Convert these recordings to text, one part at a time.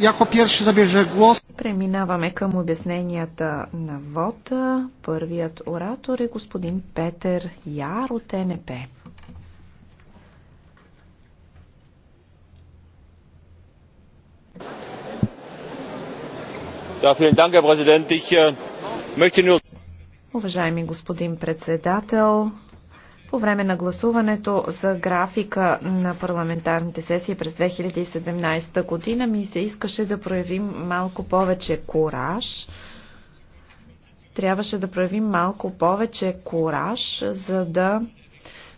Яко забеже глас. Преминаваме към обясненията на вода. Първият оратор е господин Петър Яр от НП. vielen Dank, Herr Präsident. Ich äh, möchte nur Уважаеми господин председател, по време на гласуването за графика на парламентарните сесии през 2017 година ми се искаше да проявим малко повече кураж. Трябваше да проявим малко повече кураж, за да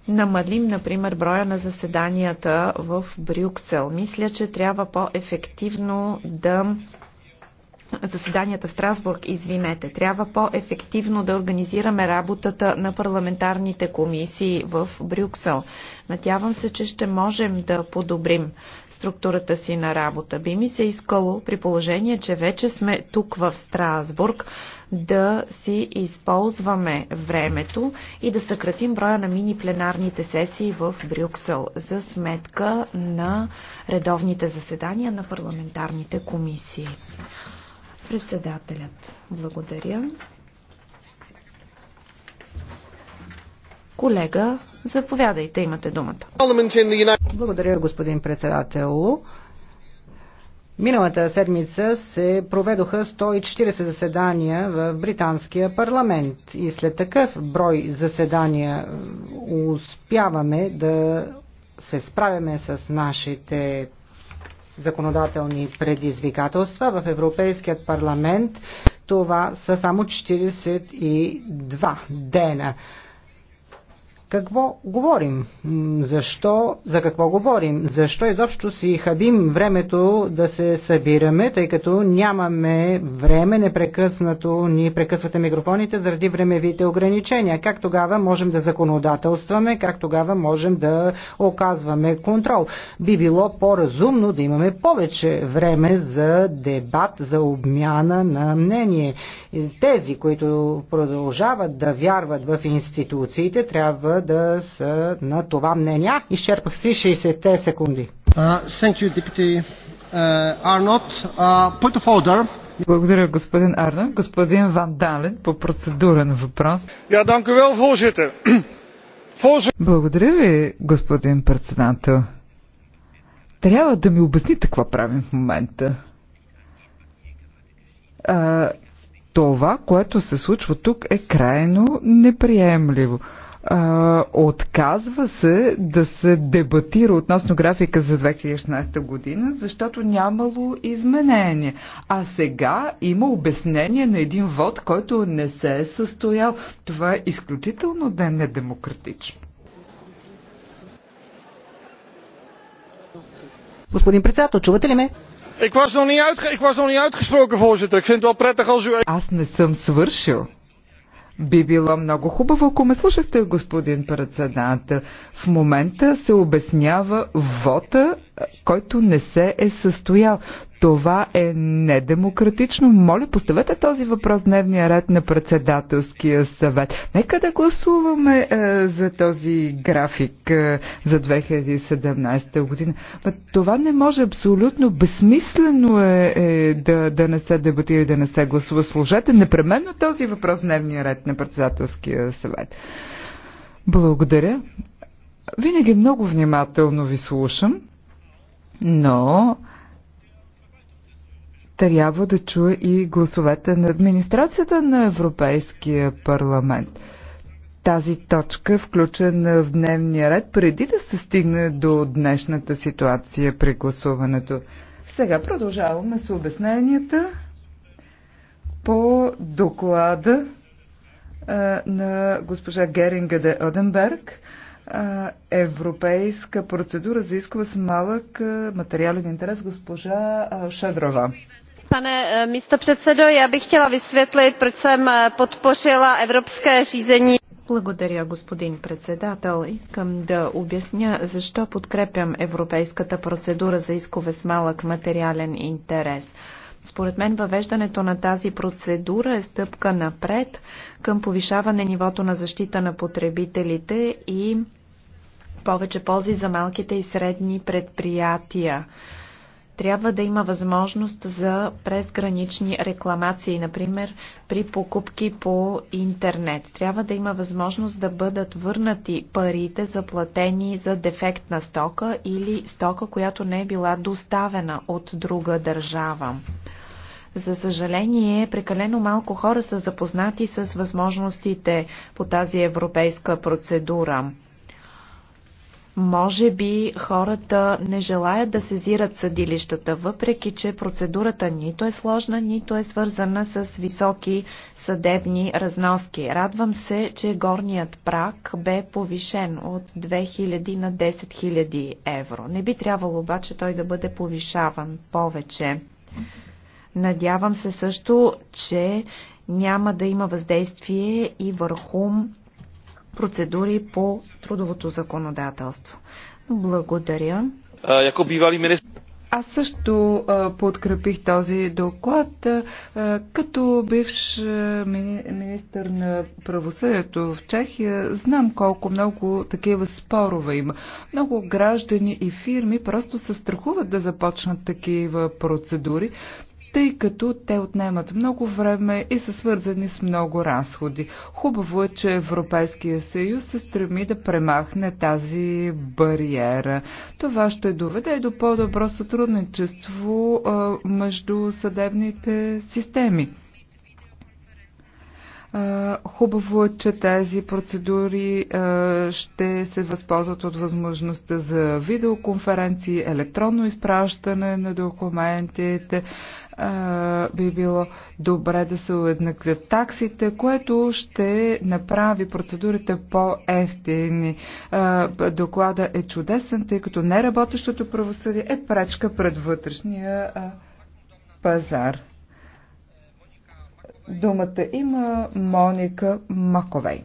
намалим, например, броя на заседанията в Брюксел. Мисля, че трябва по-ефективно да заседанията в Страсбург, извинете, трябва по-ефективно да организираме работата на парламентарните комисии в Брюксел. Надявам се, че ще можем да подобрим структурата си на работа. Би ми се искало, при положение, че вече сме тук в Страсбург, да си използваме времето и да съкратим броя на мини пленарните сесии в Брюксел за сметка на редовните заседания на парламентарните комисии. Председателят. Благодаря. Колега, заповядайте, имате думата. Благодаря, господин председател. Миналата седмица се проведоха 140 заседания в британския парламент и след такъв брой заседания успяваме да се справяме с нашите законодателни предизвикателства в Европейският парламент. Това са само 42 дена какво говорим? Защо? За какво говорим? Защо изобщо си хабим времето да се събираме, тъй като нямаме време непрекъснато, ни прекъсвате микрофоните заради времевите ограничения. Как тогава можем да законодателстваме, как тогава можем да оказваме контрол? Би било по-разумно да имаме повече време за дебат, за обмяна на мнение. Тези, които продължават да вярват в институциите, трябва да са на това мнение. изчерпах си 60-те секунди. Uh, thank you, Deputy uh, Arnott. Uh, point of order. Благодаря, господин Арна. Господин Ван Дален, по процедурен въпрос. Я дам u wel, Благодаря ви, господин председател. Трябва да ми обясните какво правим в момента. А, това, което се случва тук, е крайно неприемливо. А, отказва се да се дебатира относно графика за 2016 година, защото нямало изменение. А сега има обяснение на един вод, който не се е състоял. Това е изключително да е недемократично. Господин председател, чувате ли ме? Ik was nog niet uitgesproken, voorzitter. Ik vind het wel prettig als u... Аз не съм свършил. Би било много хубаво, ако ме слушахте, господин председател. В момента се обяснява вота който не се е състоял. Това е недемократично. Моля, поставете този въпрос дневния ред на председателския съвет. Нека да гласуваме е, за този график е, за 2017 година. Но това не може абсолютно безсмислено е, е да, да не се дебатира и да не се гласува. Служете непременно този въпрос дневния ред на председателския съвет. Благодаря. Винаги много внимателно ви слушам но трябва да чуе и гласовете на администрацията на Европейския парламент. Тази точка е включена в дневния ред преди да се стигне до днешната ситуация при гласуването. Сега продължаваме с обясненията по доклада на госпожа Геринга де Оденберг европейска процедура за искова с малък материален интерес госпожа Шедрова. Pane místo předsedo, já bych chtěla vysvětlit, proč jsem podpořila evropské řízení. Благодаря, господин председател. Искам да обясня защо подкрепям европейската процедура за искове с малък материален интерес. Според мен въвеждането на тази процедура е стъпка напред към повишаване нивото на защита на потребителите и повече ползи за малките и средни предприятия. Трябва да има възможност за презгранични рекламации, например при покупки по интернет. Трябва да има възможност да бъдат върнати парите заплатени за дефектна стока или стока, която не е била доставена от друга държава. За съжаление, прекалено малко хора са запознати с възможностите по тази европейска процедура. Може би хората не желаят да сезират съдилищата, въпреки че процедурата нито е сложна, нито е свързана с високи съдебни разноски. Радвам се, че горният прак бе повишен от 2000 на 10 000 евро. Не би трябвало обаче той да бъде повишаван повече. Надявам се също, че няма да има въздействие и върху процедури по трудовото законодателство. Благодаря. Яко бивали Аз също а, подкрепих този доклад а, като бивш мини, министър на правосъдието в Чехия. Знам колко много такива спорове има. Много граждани и фирми просто се страхуват да започнат такива процедури, тъй като те отнемат много време и са свързани с много разходи. Хубаво е, че Европейския съюз се стреми да премахне тази бариера. Това ще доведе до по-добро сътрудничество а, между съдебните системи. Хубаво е, че тези процедури ще се възползват от възможността за видеоконференции, електронно изпращане на документите, а, би било добре да се уеднаквят таксите, което ще направи процедурите по-ефтини. доклада е чудесен, тъй като неработещото правосъдие е пречка пред вътрешния а, пазар. Думата има Моника Маковей.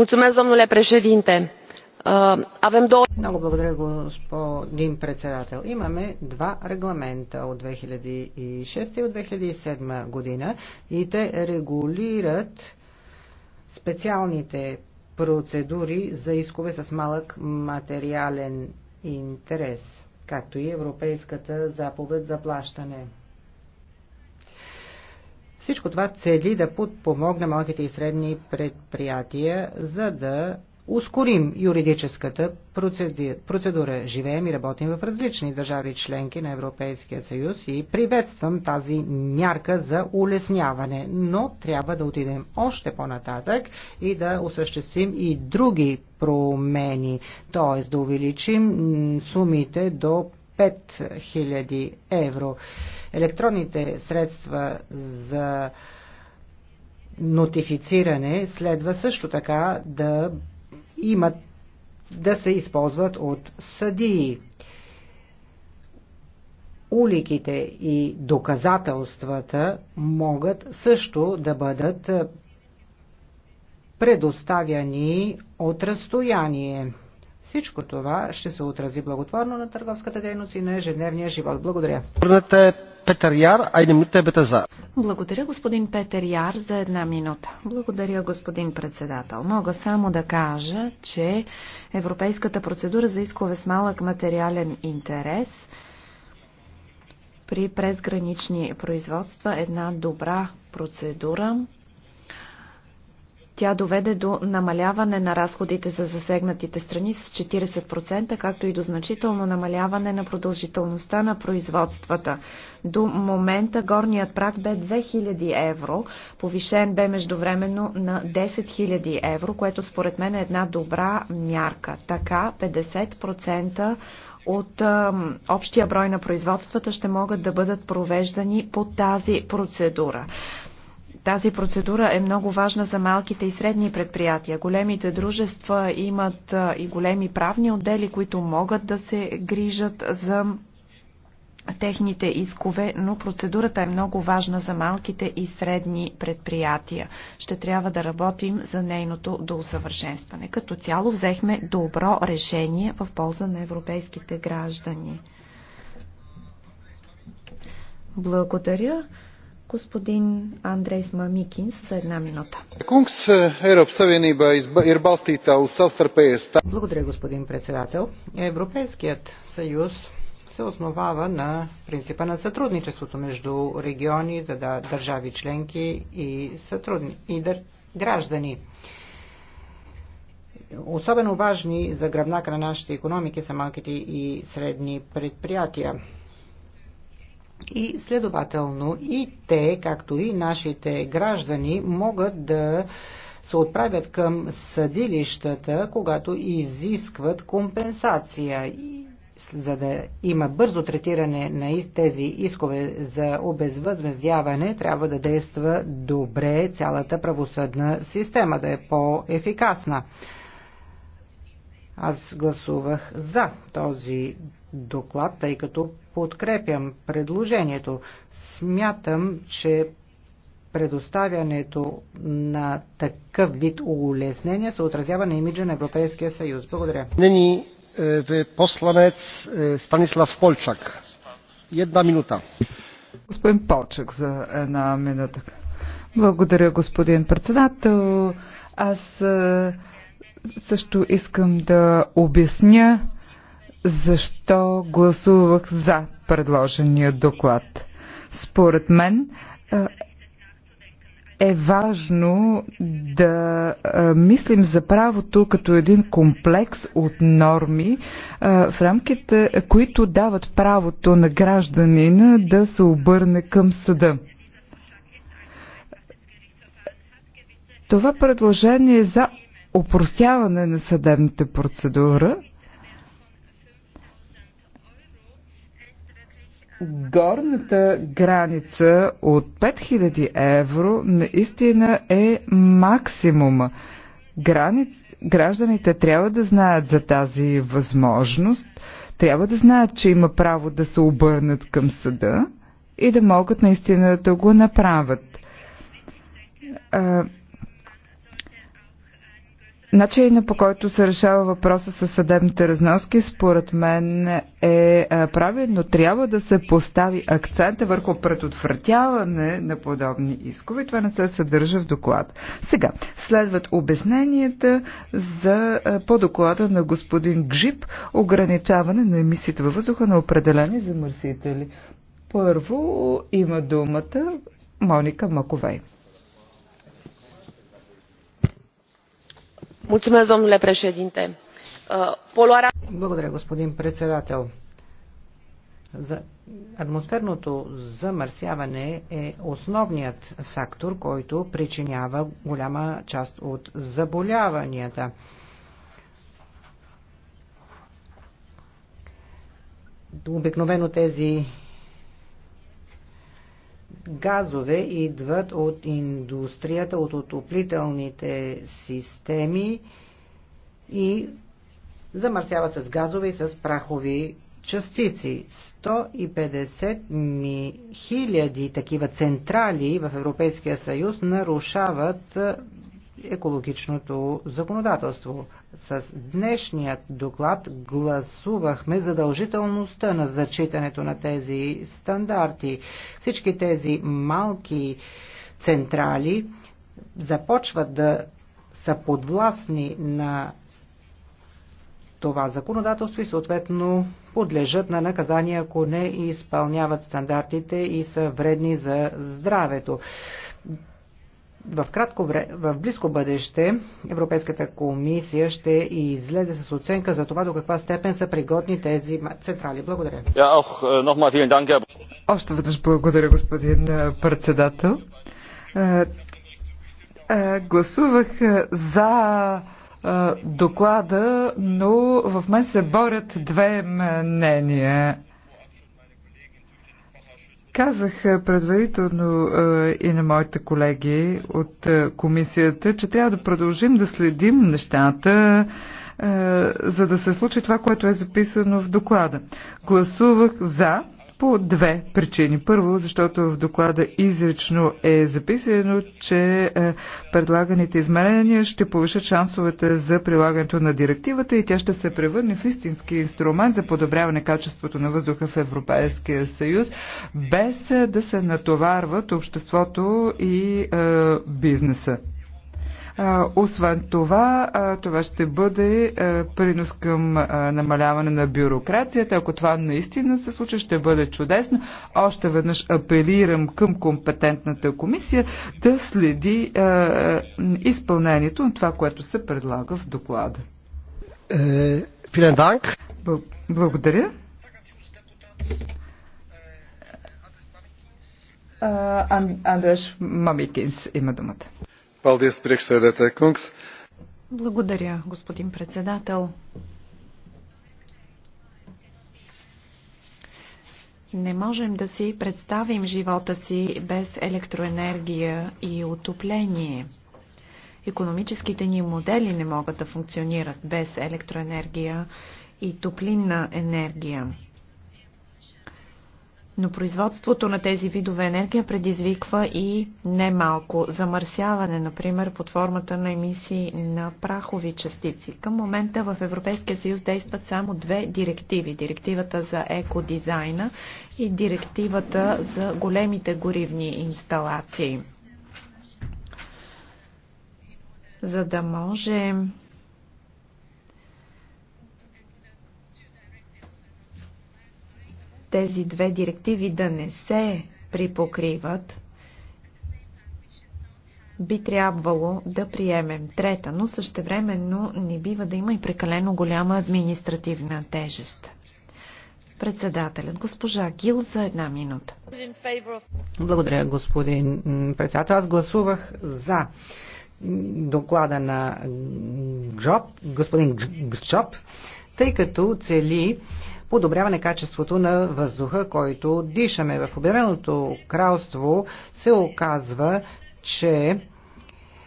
Mulțumesc, domnule președinte Авем до... Много благодаря, господин председател. Имаме два регламента от 2006 и от 2007 година и те регулират специалните процедури за искове с малък материален интерес, както и Европейската заповед за плащане. Всичко това цели да подпомогне малките и средни предприятия, за да ускорим юридическата процедура. Живеем и работим в различни държави членки на Европейския съюз и приветствам тази мярка за улесняване, но трябва да отидем още по-нататък и да осъществим и други промени, т.е. да увеличим сумите до 5000 евро. Електронните средства за нотифициране следва също така да имат да се използват от съдии. Уликите и доказателствата могат също да бъдат предоставяни от разстояние. Всичко това ще се отрази благотворно на търговската дейност и на ежедневния живот. Благодаря. Петър Яр, и минута е за. Благодаря господин Петър Яр за една минута. Благодаря господин председател. Мога само да кажа, че европейската процедура за искове с малък материален интерес при презгранични производства е една добра процедура, тя доведе до намаляване на разходите за засегнатите страни с 40%, както и до значително намаляване на продължителността на производствата. До момента горният прак бе 2000 евро, повишен бе междувременно на 10 000 евро, което според мен е една добра мярка. Така 50% от а, общия брой на производствата ще могат да бъдат провеждани по тази процедура. Тази процедура е много важна за малките и средни предприятия. Големите дружества имат и големи правни отдели, които могат да се грижат за техните искове, но процедурата е много важна за малките и средни предприятия. Ще трябва да работим за нейното доусъвършенстване. Като цяло взехме добро решение в полза на европейските граждани. Благодаря. Господин Андрейс Мамикинс за една минута. Е, е Благодаря, господин председател. Европейският съюз се основава на принципа на сътрудничеството между региони, за да държави членки и, сътрудни, и дър, граждани. Особено важни за гръбнака на нашите економики са малките и средни предприятия. И следователно и те, както и нашите граждани, могат да се отправят към съдилищата, когато изискват компенсация за да има бързо третиране на тези искове за обезвъзмездяване, трябва да действа добре цялата правосъдна система, да е по-ефикасна. Аз гласувах за този доклад, тъй като подкрепям предложението. Смятам, че предоставянето на такъв вид улеснения се отразява на имиджа на Европейския съюз. Благодаря. Нени е, посланец е, Станислав Полчак. Една минута. Господин Полчак за една минута. Благодаря, господин председател. Аз е, също искам да обясня защо гласувах за предложения доклад. Според мен е важно да мислим за правото като един комплекс от норми, в рамките, които дават правото на гражданина да се обърне към съда. Това предложение е за упростяване на съдебната процедура. горната граница от 5000 евро наистина е максимума. Грани... Гражданите трябва да знаят за тази възможност, трябва да знаят, че има право да се обърнат към съда и да могат наистина да го направят. Начинът по който се решава въпроса с съдебните разноски, според мен е правил, но трябва да се постави акцента върху предотвратяване на подобни искови. Това не се съдържа в доклад. Сега, следват обясненията за, по доклада на господин Гжип ограничаване на емисиите във въздуха на определени замърсители. Първо има думата Моника Маковей. domnule președinte uh, Благодаря, господин председател. атмосферното замърсяване е основният фактор, който причинява голяма част от заболяванията. Обикновено тези газове идват от индустрията, от отоплителните системи и замърсяват с газове и с прахови частици. 150 ми хиляди такива централи в Европейския съюз нарушават екологичното законодателство. С днешният доклад гласувахме задължителността на зачитането на тези стандарти. Всички тези малки централи започват да са подвластни на това законодателство и съответно подлежат на наказания, ако не изпълняват стандартите и са вредни за здравето в, кратко вре, в близко бъдеще Европейската комисия ще излезе с оценка за това до каква степен са пригодни тези централи. Благодаря. Äh, Още веднъж благодаря, господин председател. Гласувах за доклада, но в мен се борят две мнения. Казах предварително е, и на моите колеги от е, комисията, че трябва да продължим да следим нещата, е, за да се случи това, което е записано в доклада. Гласувах за по две причини. Първо, защото в доклада изрично е записано, че е, предлаганите изменения ще повишат шансовете за прилагането на директивата и тя ще се превърне в истински инструмент за подобряване качеството на въздуха в Европейския съюз, без е, да се натоварват обществото и е, бизнеса. Освен това, това ще бъде принос към намаляване на бюрокрацията. Ако това наистина се случи, ще бъде чудесно. Още веднъж апелирам към компетентната комисия да следи изпълнението на това, което се предлага в доклада. Е, благодаря. Андреш Мамикинс има думата. Благодаря, господин председател. Не можем да си представим живота си без електроенергия и отопление. Економическите ни модели не могат да функционират без електроенергия и топлинна енергия. Но производството на тези видове енергия предизвиква и немалко замърсяване, например под формата на емисии на прахови частици. Към момента в Европейския съюз действат само две директиви. Директивата за екодизайна и директивата за големите горивни инсталации. За да може тези две директиви да не се припокриват, би трябвало да приемем трета, но същевременно не бива да има и прекалено голяма административна тежест. Председателят госпожа Гил за една минута. Благодаря, господин председател. Аз гласувах за доклада на Джоб, господин Джоб, тъй като цели подобряване качеството на въздуха, който дишаме. В Обединеното кралство се оказва, че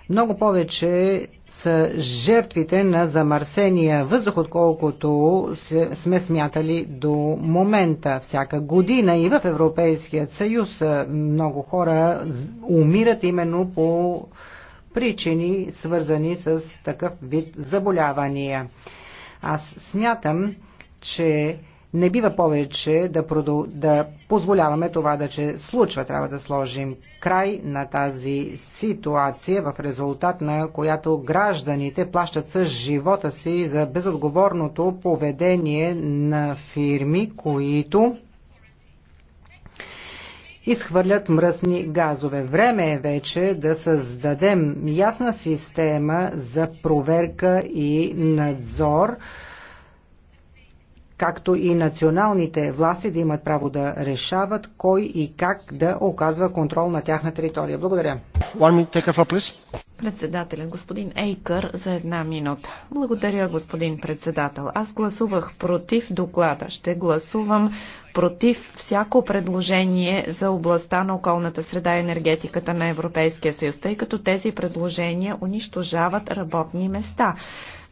много повече са жертвите на замърсения въздух, отколкото сме смятали до момента. Всяка година и в Европейския съюз много хора умират именно по причини, свързани с такъв вид заболявания. Аз смятам, че не бива повече да, продъл... да позволяваме това да се случва. Трябва да сложим край на тази ситуация, в резултат на която гражданите плащат с живота си за безотговорното поведение на фирми, които изхвърлят мръсни газове. Време е вече да създадем ясна система за проверка и надзор, както и националните власти да имат право да решават кой и как да оказва контрол на тяхна територия. Благодаря. Председателя, господин Ейкър, за една минута. Благодаря, господин председател. Аз гласувах против доклада. Ще гласувам против всяко предложение за областта на околната среда и енергетиката на Европейския съюз, тъй като тези предложения унищожават работни места.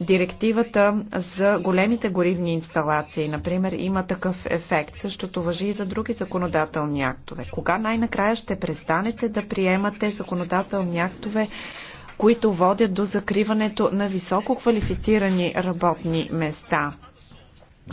Директивата за големите горивни инсталации, например, има такъв ефект. Същото въжи и за други законодателни актове. Кога най-накрая ще престанете да приемате законодателни актове, които водят до закриването на високо квалифицирани работни места?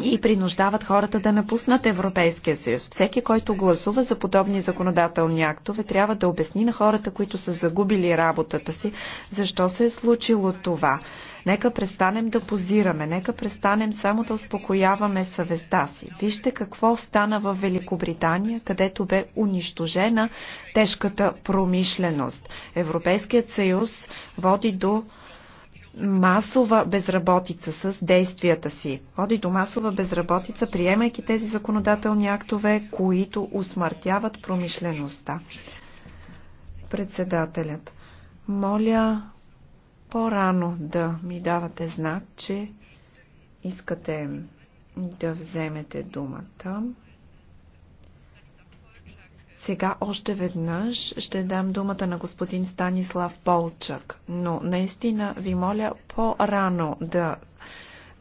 и принуждават хората да напуснат Европейския съюз. Всеки, който гласува за подобни законодателни актове, трябва да обясни на хората, които са загубили работата си, защо се е случило това. Нека престанем да позираме, нека престанем само да успокояваме съвестта си. Вижте какво стана в Великобритания, където бе унищожена тежката промишленост. Европейският съюз води до масова безработица с действията си. Води до масова безработица, приемайки тези законодателни актове, които усмъртяват промишлеността. Председателят. Моля по-рано да ми давате знак, че искате да вземете думата. Сега още веднъж ще дам думата на господин Станислав Полчак, но наистина ви моля по-рано да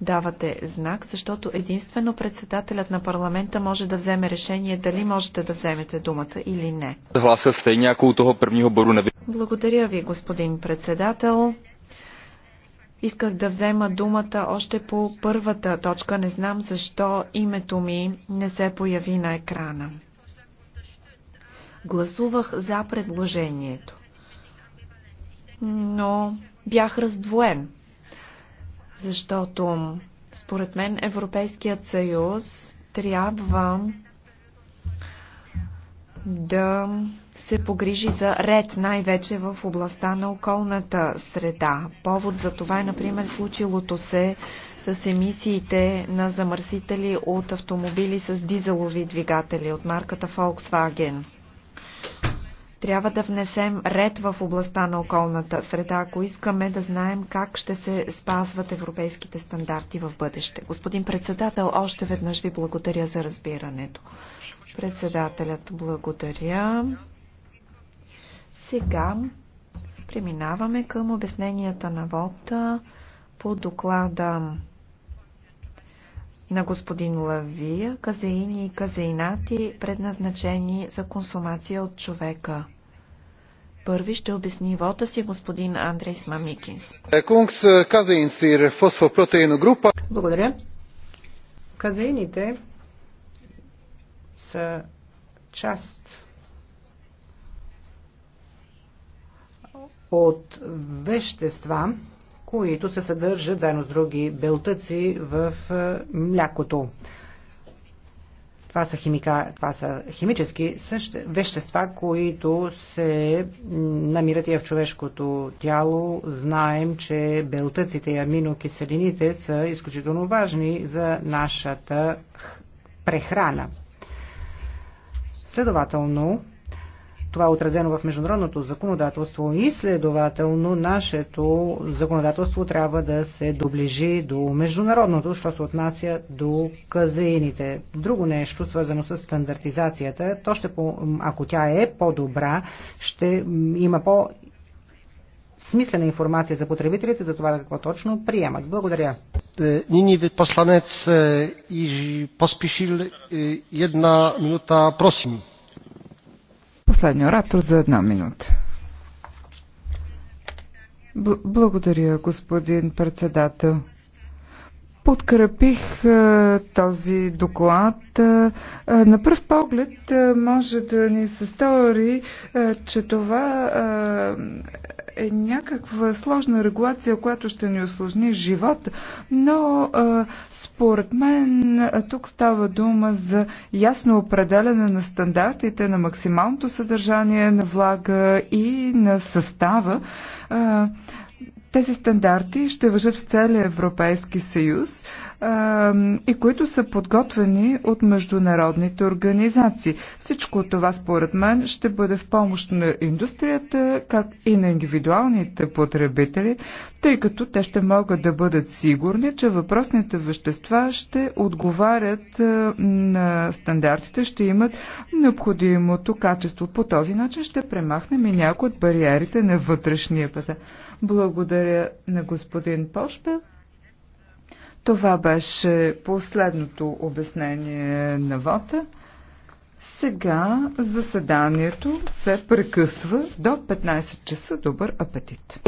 давате знак, защото единствено председателят на парламента може да вземе решение дали можете да вземете думата или не. Благодаря ви, господин председател. Исках да взема думата още по първата точка. Не знам защо името ми не се появи на екрана. Гласувах за предложението, но бях раздвоен, защото според мен Европейският съюз трябва да се погрижи за ред, най-вече в областта на околната среда. Повод за това е, например, случилото се с емисиите на замърсители от автомобили с дизелови двигатели от марката Volkswagen. Трябва да внесем ред в областта на околната среда, ако искаме да знаем как ще се спазват европейските стандарти в бъдеще. Господин председател, още веднъж ви благодаря за разбирането. Председателят, благодаря. Сега преминаваме към обясненията на вода по доклада на господин Лавия казеини и казеинати, предназначени за консумация от човека. Първи ще обясни вота си господин Андрейс Мамикинс. Благодаря. Казеините са част от вещества, които се съдържат заедно с други белтъци в млякото. Това са, химика, това са химически съще, вещества, които се намират и в човешкото тяло. Знаем, че белтъците и аминокиселините са изключително важни за нашата прехрана. Следователно, това е отразено в международното законодателство и следователно нашето законодателство трябва да се доближи до международното, що се отнася до казеините. Друго нещо, свързано с стандартизацията, то ще по, ако тя е по-добра, ще има по- смислена информация за потребителите за това какво точно приемат. Благодаря. Нини посланец и поспешил е, една минута, просим. Последния оратор за една минута. Благодаря, господин председател. Подкрепих а, е, този доклад. А, е, е, на пръв поглед а, може да ни се стори, а, че това а, е някаква сложна регулация, която ще ни осложни живот, но а, според мен а, тук става дума за ясно определене на стандартите, на максималното съдържание на влага и на състава. А, тези стандарти ще въжат в целия Европейски съюз а, и които са подготвени от международните организации. Всичко това, според мен, ще бъде в помощ на индустрията, как и на индивидуалните потребители, тъй като те ще могат да бъдат сигурни, че въпросните вещества ще отговарят а, на стандартите, ще имат необходимото качество. По този начин ще премахнем и някои от бариерите на вътрешния пазар. Благодаря благодаря на господин Пошпел. Това беше последното обяснение на вота. Сега заседанието се прекъсва до 15 часа. Добър апетит!